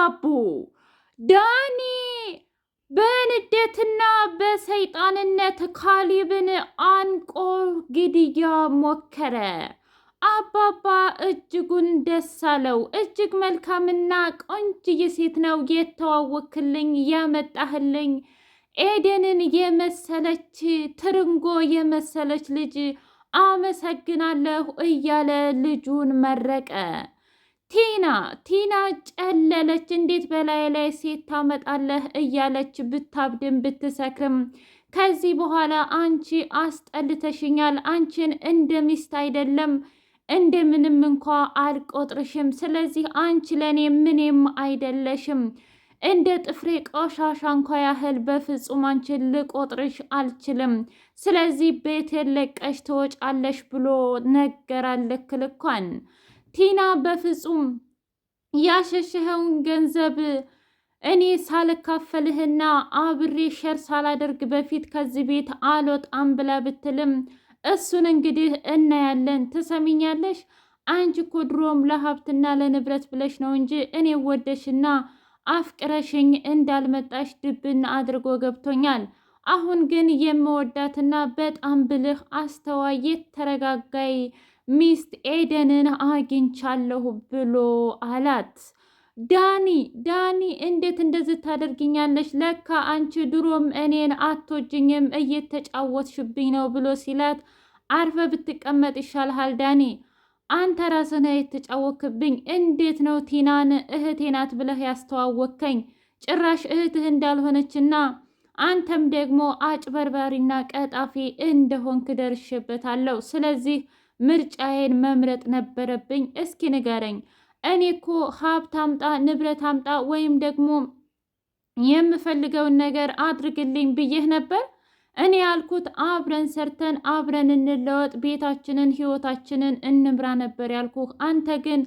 ተጋቡ። ዳኒ በንዴትና በሰይጣንነት ካሊብን አንቆ ግድያ ሞከረ። አባባ እጅጉን ደስ አለው። እጅግ መልካምና ቆንጅዬ ሴት ነው የተዋወክልኝ ያመጣህልኝ። ኤደንን የመሰለች ትርንጎ የመሰለች ልጅ አመሰግናለሁ እያለ ልጁን መረቀ። ቲና ቲና ጨለለች። እንዴት በላይ ላይ ሴት ታመጣለህ እያለች ብታብድም ብትሰክርም ከዚህ በኋላ አንቺ አስጠልተሽኛል፣ አንቺን እንደ ሚስት አይደለም እንደምንም እንኳ አልቆጥርሽም። ስለዚህ አንቺ ለእኔ ምንም አይደለሽም። እንደ ጥፍሬ ቆሻሻ እንኳ ያህል በፍጹም አንቺን ልቆጥርሽ አልችልም። ስለዚህ ቤቴን ለቀሽ ትወጫለሽ ብሎ ነገራል ቲና በፍጹም ያሸሸኸውን ገንዘብ እኔ ሳልካፈልህና አብሬ ሸር ሳላደርግ በፊት ከዚህ ቤት አልወጣም ብላ ብትልም እሱን እንግዲህ እናያለን። ትሰሚኛለሽ? አንቺ እኮ ድሮም ለሀብትና ለንብረት ብለሽ ነው እንጂ እኔ ወደሽና አፍቅረሽኝ እንዳልመጣሽ ድብን አድርጎ ገብቶኛል። አሁን ግን የምወዳትና በጣም ብልህ አስተዋይ፣ ተረጋጋይ ሚስት ኤደንን አግኝቻለሁ ብሎ አላት። ዳኒ ዳኒ እንዴት እንደዚህ ታደርግኛለሽ? ለካ አንቺ ድሮም እኔን አትወጂኝም እየተጫወትሽብኝ ነው ብሎ ሲላት፣ አርፈ ብትቀመጥ ይሻልሃል ዳኒ አንተ ራስህ የተጫወክብኝ። እንዴት ነው ቲናን እህቴ ናት ብለህ ያስተዋወከኝ? ጭራሽ እህትህ እንዳልሆነችና አንተም ደግሞ አጭበርባሪና ቀጣፊ እንደሆንክ ደርሼበታለሁ። ስለዚህ ምርጫዬን መምረጥ ነበረብኝ። እስኪ ንገረኝ። እኔ እኮ ሀብት አምጣ ንብረት አምጣ ወይም ደግሞ የምፈልገውን ነገር አድርግልኝ ብዬህ ነበር። እኔ ያልኩት አብረን ሰርተን አብረን እንለወጥ፣ ቤታችንን ህይወታችንን እንምራ ነበር ያልኩህ። አንተ ግን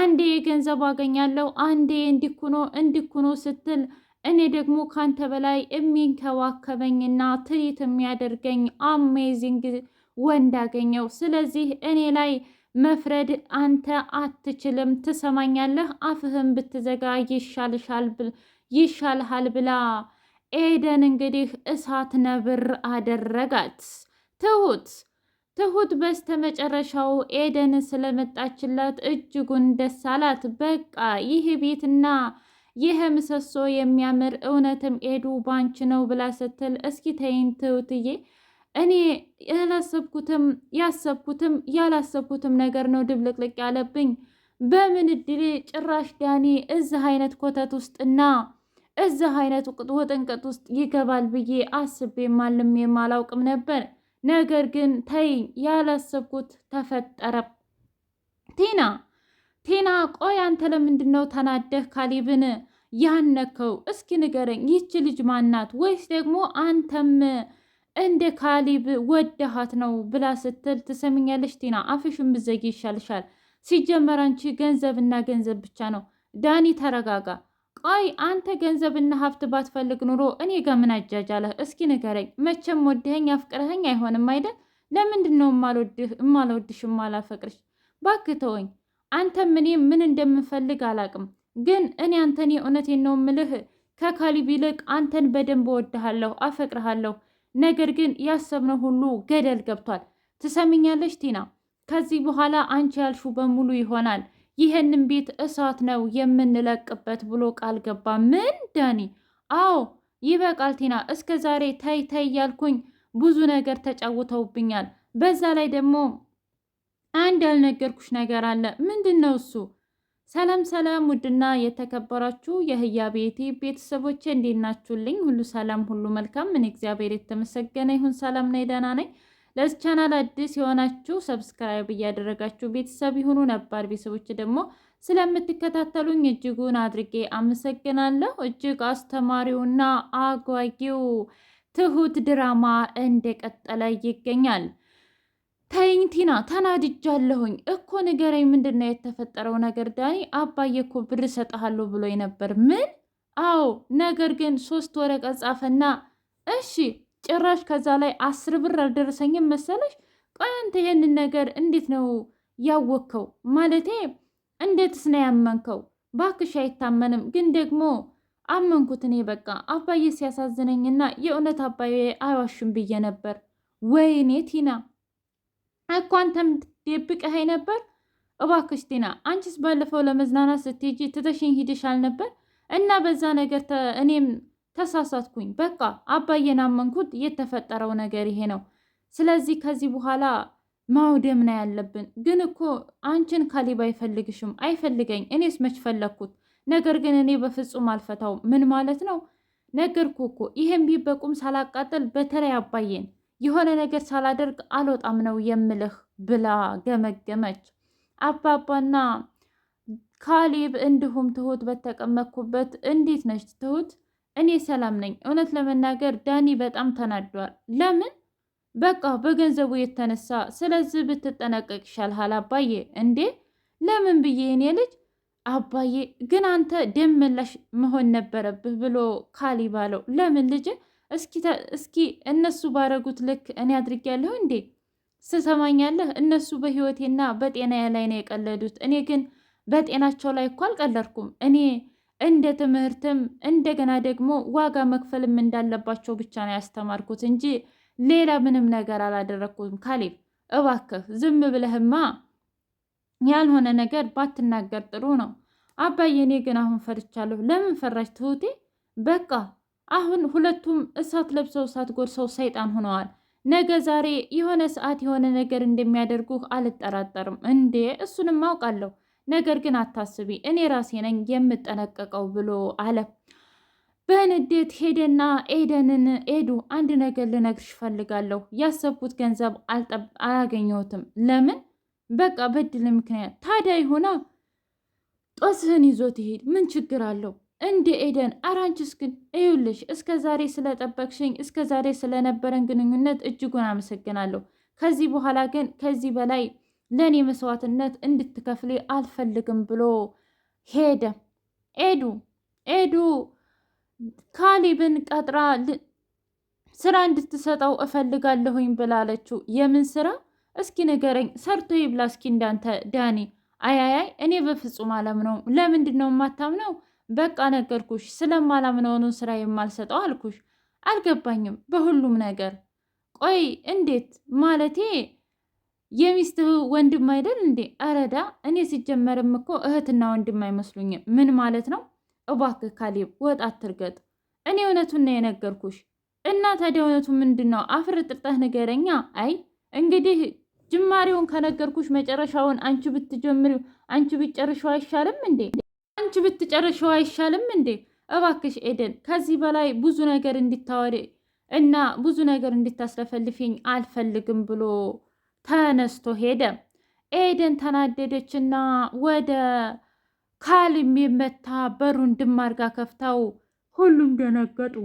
አንዴ የገንዘብ አገኛለሁ አንዴ እንዲኩኖ እንዲኩኖ ስትል እኔ ደግሞ ካንተ በላይ የሚንከባከበኝና ትሪት የሚያደርገኝ አሜዚንግ ወንድ አገኘው። ስለዚህ እኔ ላይ መፍረድ አንተ አትችልም፣ ትሰማኛለህ? አፍህን ብትዘጋ ይሻልሃል ብላ ኤደን እንግዲህ እሳት ነብር አደረጋት። ትሁት ትሁት በስተመጨረሻው ኤደን ስለመጣችላት እጅጉን ደስ አላት። በቃ ይህ ቤትና ይህ ምሰሶ የሚያምር እውነትም ኤዱ ባንች ነው ብላ ስትል እስኪ ተይን ትሁትዬ እኔ ያላሰብኩትም ያሰብኩትም ያላሰብኩትም ነገር ነው ድብልቅልቅ ያለብኝ። በምን እድሌ ጭራሽ ዳኒ እዚህ አይነት ኮተት ውስጥና እዚህ አይነት ውጥንቅጥ ውስጥ ይገባል ብዬ አስቤ ማልም የማላውቅም ነበር። ነገር ግን ተይ ያላሰብኩት ተፈጠረ። ቴና ቴና ቆይ አንተ ለምንድን ነው ተናደህ ካሊብን ያነከው? እስኪ ንገረኝ፣ ይቺ ልጅ ማናት? ወይስ ደግሞ አንተም እንደ ካሊብ ወደሃት ነው ብላ ስትል፣ ትሰምኛለሽ ቲና አፍሽን ብዘጊ ይሻልሻል። ሲጀመር አንቺ ገንዘብና ገንዘብ ብቻ ነው። ዳኒ ተረጋጋ። ቆይ አንተ ገንዘብና ሀብት ባትፈልግ ኑሮ እኔ ጋ ምን አጃጃለህ? እስኪ ንገረኝ። መቼም ወድህኝ አፍቅረኸኝ አይሆንም አይደል? ለምንድን ነው እማልወድሽ እማላፈቅርሽ? እባክህ ተወኝ። አንተም እኔ ምን እንደምንፈልግ አላቅም፣ ግን እኔ አንተን የእውነቴን ነው ምልህ ከካሊብ ይልቅ አንተን በደንብ እወድሃለሁ፣ አፈቅርሃለሁ ነገር ግን ያሰብነው ሁሉ ገደል ገብቷል። ትሰምኛለሽ ቲና፣ ከዚህ በኋላ አንቺ ያልሹ በሙሉ ይሆናል። ይህንን ቤት እሳት ነው የምንለቅበት ብሎ ቃል ገባ። ምን ዳኒ? አዎ ይበቃል ቲና። እስከ ዛሬ ተይ ተይ ያልኩኝ ብዙ ነገር ተጫውተውብኛል። በዛ ላይ ደግሞ አንድ ያልነገርኩሽ ነገር አለ። ምንድን ነው እሱ? ሰላም ሰላም፣ ውድና የተከበራችሁ የህያ ቤቴ ቤተሰቦች እንዴት ናችሁልኝ? ሁሉ ሰላም፣ ሁሉ መልካም። ምን እግዚአብሔር የተመሰገነ ይሁን። ሰላም ነኝ፣ ደህና ነኝ። ለዚህ ቻናል አዲስ የሆናችሁ ሰብስክራይብ እያደረጋችሁ ቤተሰብ ይሁኑ። ነባር ቤተሰቦች ደግሞ ስለምትከታተሉኝ እጅጉን አድርጌ አመሰግናለሁ። እጅግ አስተማሪውና አጓጊው ትሁት ድራማ እንደቀጠለ ይገኛል። ተይኝ ቲና ተናድጃለሁኝ እኮ ንገረኝ፣ ምንድን ነው የተፈጠረው ነገር? ዳኒ አባዬ እኮ ብር እሰጥሃለሁ ብሎ ነበር። ምን? አዎ፣ ነገር ግን ሶስት ወረቀት ጻፈና፣ እሺ ጭራሽ ከዛ ላይ አስር ብር አልደረሰኝም መሰለሽ። ቆይ አንተ ነገር እንዴት ነው ያወቅከው? ማለቴ እንዴትስ ነው ያመንከው? ባክሽ አይታመንም፣ ግን ደግሞ አመንኩት እኔ በቃ አባዬ ሲያሳዝነኝና የእውነት አባዬ አይዋሽም ብዬ ነበር። ወይኔ ቲና እኮ አንተም ደብቀኸኝ ነበር። እባክሽ ቲና፣ አንቺስ ባለፈው ለመዝናናት ስትሄጂ ትተሽኝ ሂደሻል ነበር እና በዛ ነገር እኔም ተሳሳትኩኝ። በቃ አባዬን አመንኩት። የተፈጠረው ነገር ይሄ ነው። ስለዚህ ከዚህ በኋላ ማውደም ነው ያለብን። ግን እኮ አንቺን ካሊብ አይፈልግሽም። አይፈልገኝ፣ እኔስ መች ፈለግኩት? ነገር ግን እኔ በፍጹም አልፈታውም። ምን ማለት ነው? ነገርኩ እኮ ይሄን ቢበቁም ሳላቃጠል፣ በተለይ አባዬን የሆነ ነገር ሳላደርግ አልወጣም ነው የምልህ ብላ ገመገመች። አባባና ካሌብ እንዲሁም ትሁት በተቀመኩበት እንዴት ነች ትሁት? እኔ ሰላም ነኝ። እውነት ለመናገር ዳኒ በጣም ተናዷል። ለምን? በቃ በገንዘቡ የተነሳ ስለዚህ ብትጠነቀቅ ይሻልሃል አባዬ። እንዴ ለምን ብዬ እኔ ልጅ አባዬ ግን አንተ ደም መሆን ነበረብህ ብሎ ካሊ ባለው ለምን ልጅ እስኪ እነሱ ባረጉት ልክ እኔ አድርጌያለሁ እንዴ? ስሰማኛለህ እነሱ በህይወቴና በጤና ላይ ነው የቀለዱት። እኔ ግን በጤናቸው ላይ እኮ አልቀለድኩም። እኔ እንደ ትምህርትም እንደገና ደግሞ ዋጋ መክፈልም እንዳለባቸው ብቻ ነው ያስተማርኩት እንጂ ሌላ ምንም ነገር አላደረግኩም። ካሌብ እባክህ ዝም ብለህማ ያልሆነ ነገር ባትናገር ጥሩ ነው። አባዬ እኔ ግን አሁን ፈርቻለሁ። ለምን ፈራች ትሁቴ? በቃ አሁን ሁለቱም እሳት ለብሰው እሳት ጎድሰው ሰይጣን ሆነዋል። ነገ ዛሬ የሆነ ሰዓት የሆነ ነገር እንደሚያደርጉ አልጠራጠርም። እንዴ እሱንም አውቃለሁ፣ ነገር ግን አታስቢ፣ እኔ ራሴ ነኝ የምጠነቀቀው ብሎ አለ። በንዴት ሄደና ኤደንን ኤዱ፣ አንድ ነገር ልነግርሽ ፈልጋለሁ። ያሰብኩት ገንዘብ አላገኘሁትም። ለምን? በቃ በድል ምክንያት። ታዲያ ይሆና ጦስህን ይዞት ይሄድ ምን ችግር አለው? እንደ ኤደን፣ አራንችስ ግን እዩልሽ፣ እስከ ዛሬ ስለጠበቅሽኝ፣ እስከ ዛሬ ስለነበረን ግንኙነት እጅጉን አመሰግናለሁ። ከዚህ በኋላ ግን ከዚህ በላይ ለእኔ መስዋዕትነት እንድትከፍሌ አልፈልግም ብሎ ሄደ። ኤዱ ኤዱ ካሊብን ቀጥራ ስራ እንድትሰጠው እፈልጋለሁኝ ብላለችው። የምን ስራ እስኪ ንገረኝ፣ ሰርቶ ይብላ እስኪ እንዳንተ ዳኒ። አያያይ እኔ በፍጹም አለም ነው። ለምንድን ነው የማታምነው? በቃ ነገርኩሽ፣ ስለማላምነውኑን ስራ የማልሰጠው አልኩሽ። አልገባኝም በሁሉም ነገር። ቆይ እንዴት ማለቴ የሚስትህ ወንድም አይደል እንዴ? አረዳ እኔ ሲጀመርም እኮ እህትና ወንድም አይመስሉኝም። ምን ማለት ነው? እባክህ ካሌብ ወጥ አትርገጥ። እኔ እውነቱን ነው የነገርኩሽ። እና ታዲያ እውነቱ ምንድን ነው? አፍርጥርጠህ ንገረኛ። አይ እንግዲህ ጅማሬውን ከነገርኩሽ መጨረሻውን አንቺ ብትጀምሪው አንቺ ብትጨርሺው አይሻልም እንዴ? አንቺ ብትጨርሸው አይሻልም እንዴ? እባክሽ ኤደን፣ ከዚህ በላይ ብዙ ነገር እንዲታወሪ እና ብዙ ነገር እንድታስለፈልፊኝ አልፈልግም ብሎ ተነስቶ ሄደ። ኤደን ተናደደችና ወደ ካልም የመታ በሩን ድም ከፍተው ከፍታው፣ ሁሉም ደነገጡ።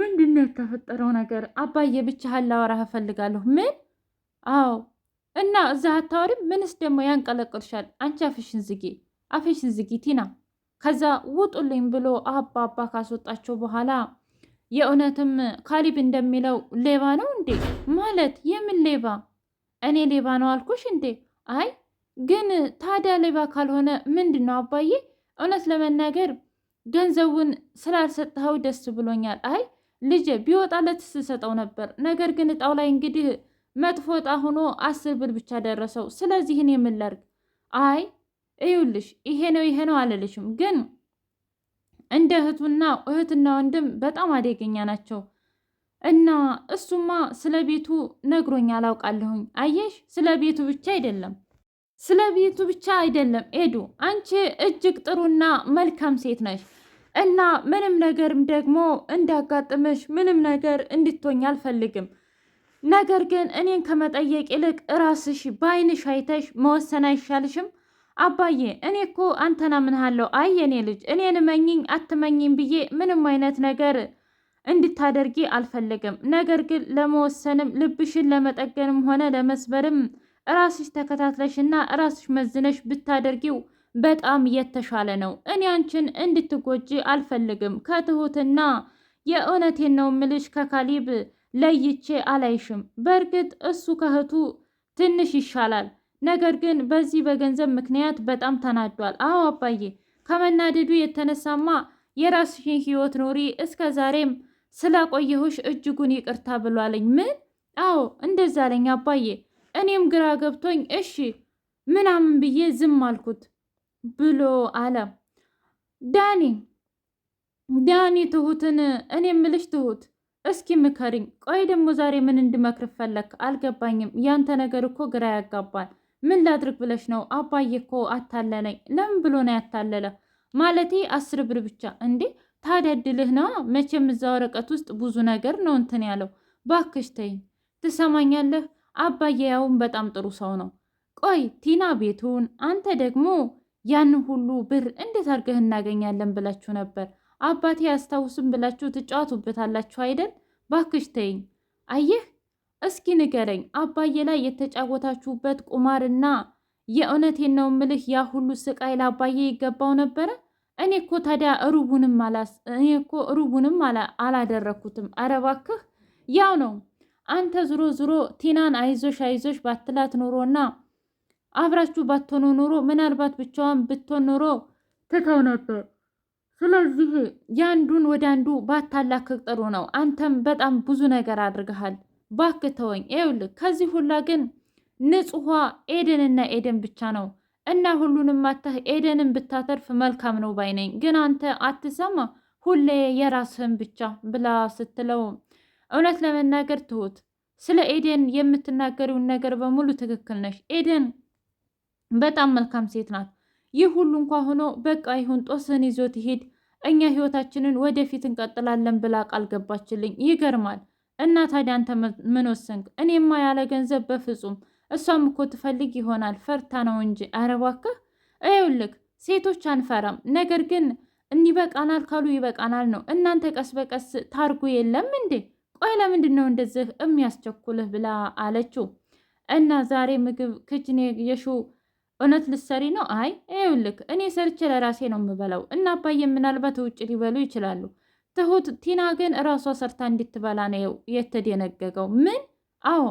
ምንድን ነው የተፈጠረው ነገር? አባዬ ብቻህን ላወራህ እፈልጋለሁ። ምን? አዎ እና እዛ አታወሪም? ምንስ ደግሞ ያንቀለቅልሻል? አንቺ አፍሽን ዝጊ፣ አፍሽን ዝጊ ቲና ከዛ ውጡልኝ ብሎ አባባ ካስወጣቸው በኋላ የእውነትም ካሊብ እንደሚለው ሌባ ነው እንዴ? ማለት የምን ሌባ? እኔ ሌባ ነው አልኩሽ እንዴ? አይ ግን ታዲያ ሌባ ካልሆነ ምንድን ነው አባዬ? እውነት ለመናገር ገንዘቡን ስላልሰጠኸው ደስ ብሎኛል። አይ ልጄ ቢወጣለት ስሰጠው ነበር። ነገር ግን እጣው ላይ እንግዲህ መጥፎ እጣ ሆኖ አስር ብር ብቻ ደረሰው። ስለዚህ እኔ ላድርግ? አይ እዩልሽ ይሄ ነው ይሄ ነው አለልሽም፣ ግን እንደ እህቱና እህትና ወንድም በጣም አደገኛ ናቸው። እና እሱማ ስለ ቤቱ ነግሮኛል አውቃለሁኝ። አየሽ ስለ ቤቱ ብቻ አይደለም ስለ ቤቱ ብቻ አይደለም ኤዱ፣ አንቺ እጅግ ጥሩና መልካም ሴት ነሽ እና ምንም ነገርም ደግሞ እንዳጋጥምሽ ምንም ነገር እንድትሆኝ አልፈልግም። ነገር ግን እኔን ከመጠየቅ ይልቅ ራስሽ በአይንሽ አይተሽ መወሰን አይሻልሽም? አባዬ እኔ እኮ አንተና ምንሃለው አይ የኔ ልጅ እኔን መኝኝ አትመኝኝ ብዬ ምንም አይነት ነገር እንድታደርጊ አልፈልግም ነገር ግን ለመወሰንም ልብሽን ለመጠገንም ሆነ ለመስበርም ራስሽ ተከታትለሽና ራስሽ መዝነሽ ብታደርጊው በጣም የተሻለ ነው። እኔ አንቺን እንድትጎጂ አልፈልግም። ከትሁትና የእውነቴን ነው ምልሽ ከካሊብ ለይቼ አላይሽም። በእርግጥ እሱ ከእህቱ ትንሽ ይሻላል ነገር ግን በዚህ በገንዘብ ምክንያት በጣም ተናዷል። አዎ አባዬ፣ ከመናደዱ የተነሳማ የራስሽን ህይወት ኖሪ፣ እስከ ዛሬም ስላቆየሁሽ እጅጉን ይቅርታ ብሏለኝ። ምን? አዎ እንደዛ አለኝ አባዬ። እኔም ግራ ገብቶኝ እሺ ምናምን ብዬ ዝም አልኩት ብሎ አለ ዳኒ። ዳኒ ትሁትን እኔ ምልሽ ትሁት እስኪ ምከርኝ። ቆይ ደግሞ ዛሬ ምን እንድመክር ፈለክ? አልገባኝም። ያንተ ነገር እኮ ግራ ያጋባል። ምን ላድርግ ብለሽ ነው? አባዬ እኮ አታለለኝ። ለምን ብሎ ነው ያታለለ? ማለቴ አስር ብር ብቻ እንዴ? ታዲያ እድልህ ነዋ። መቼም እዛ ወረቀት ውስጥ ብዙ ነገር ነው እንትን ያለው። ባክሽ ተይኝ፣ ትሰማኛለህ? አባዬ ያውን በጣም ጥሩ ሰው ነው። ቆይ ቲና ቤቱን፣ አንተ ደግሞ ያንን ሁሉ ብር እንዴት አድርገህ እናገኛለን ብላችሁ ነበር። አባቴ ያስታውስም ብላችሁ ትጫወቱበታላችሁ አይደል? ባክሽ ተይኝ። አየህ እስኪ ንገረኝ አባዬ ላይ የተጫወታችሁበት ቁማርና የእውነቴን ነው ምልህ ያ ሁሉ ስቃይ ለአባዬ ይገባው ነበረ? እኔ እኮ ታዲያ ሩቡንም እኔ እኮ ሩቡንም አላደረግኩትም። ኧረ እባክህ ያው ነው አንተ ዝሮ ዝሮ ቲናን አይዞሽ አይዞሽ ባትላት ኖሮና አብራችሁ ባትሆኑ ኖሮ ምናልባት ብቻዋን ብትሆን ኖሮ ትተው ነበር። ስለዚህ የአንዱን ወደ አንዱ ባታላክቅ ጥሩ ነው። አንተም በጣም ብዙ ነገር አድርገሃል። ባክ ተወኝ። ይኸውልህ ከዚህ ሁላ ግን ንጹሐ ኤደንና ኤደን ብቻ ነው እና ሁሉንም ማታህ ኤደንን ብታተርፍ መልካም ነው ባይነኝ። ግን አንተ አትሰማ ሁሌ የራስህን ብቻ ብላ ስትለው እውነት ለመናገር ትሁት ስለ ኤደን የምትናገሪውን ነገር በሙሉ ትክክል ነሽ። ኤደን በጣም መልካም ሴት ናት። ይህ ሁሉ እንኳ ሆኖ በቃ ይሁን ጦስን ይዞት ይሄድ እኛ ህይወታችንን ወደፊት እንቀጥላለን ብላ ቃል ገባችልኝ። ይገርማል። እና ታዲያ አንተ ምን ወሰንክ? እኔማ ያለ ገንዘብ በፍጹም። እሷም እኮ ትፈልግ ይሆናል ፈርታ ነው እንጂ። ኧረ እባክህ ይኸውልህ፣ ሴቶች አንፈራም፣ ነገር ግን እንይበቃናል ካሉ ይበቃናል ነው። እናንተ ቀስ በቀስ ታርጉ የለም እንዴ? ቆይ ለምንድን ነው እንደዚህ የሚያስቸኩልህ? ብላ አለችው። እና ዛሬ ምግብ ክችን የሹ እውነት ልሰሪ ነው? አይ ይኸውልህ፣ እኔ ሰርቼ ለራሴ ነው የምበላው እና አባዬ ምናልባት ውጭ ሊበሉ ይችላሉ ትሁት ቲና ግን እራሷ ሰርታ እንድትበላ ነው የተደነገገው። ምን? አዎ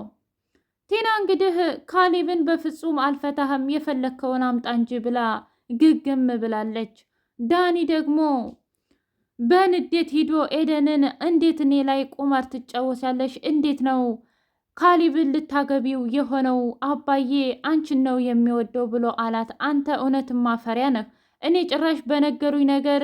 ቲና እንግዲህ ካሌብን በፍጹም አልፈታህም የፈለግከውን አምጣ እንጂ ብላ ግግም ብላለች። ዳኒ ደግሞ በንዴት ሂዶ ኤደንን እንዴት እኔ ላይ ቁማር ትጫወቻለሽ? እንዴት ነው ካሊብን ልታገቢው የሆነው? አባዬ አንቺን ነው የሚወደው ብሎ አላት። አንተ እውነት ማፈሪያ ነህ። እኔ ጭራሽ በነገሩኝ ነገር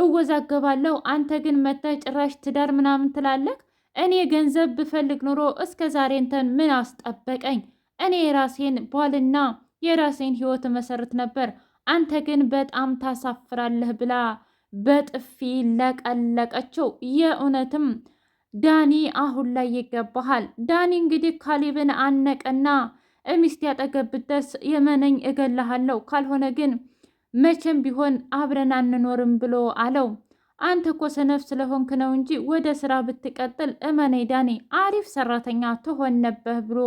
እወዛገባለሁ። አንተ ግን መተህ ጭራሽ ትዳር ምናምን ትላለህ። እኔ ገንዘብ ብፈልግ ኑሮ እስከ ዛሬ እንተን ምን አስጠበቀኝ? እኔ የራሴን ባልና የራሴን ሕይወት መሰረት ነበር። አንተ ግን በጣም ታሳፍራለህ ብላ በጥፊ ለቀለቀችው። የእውነትም ዳኒ አሁን ላይ ይገባሃል። ዳኒ እንግዲህ ካሌብን አነቀና ሚስት ያጠገብደስ የመነኝ እገልሃለሁ ካልሆነ ግን መቼም ቢሆን አብረን አንኖርም ብሎ አለው። አንተ እኮ ሰነፍ ስለሆንክ ነው እንጂ ወደ ስራ ብትቀጥል እመነኝ ዳኔ አሪፍ ሰራተኛ ትሆን ነበህ ብሎ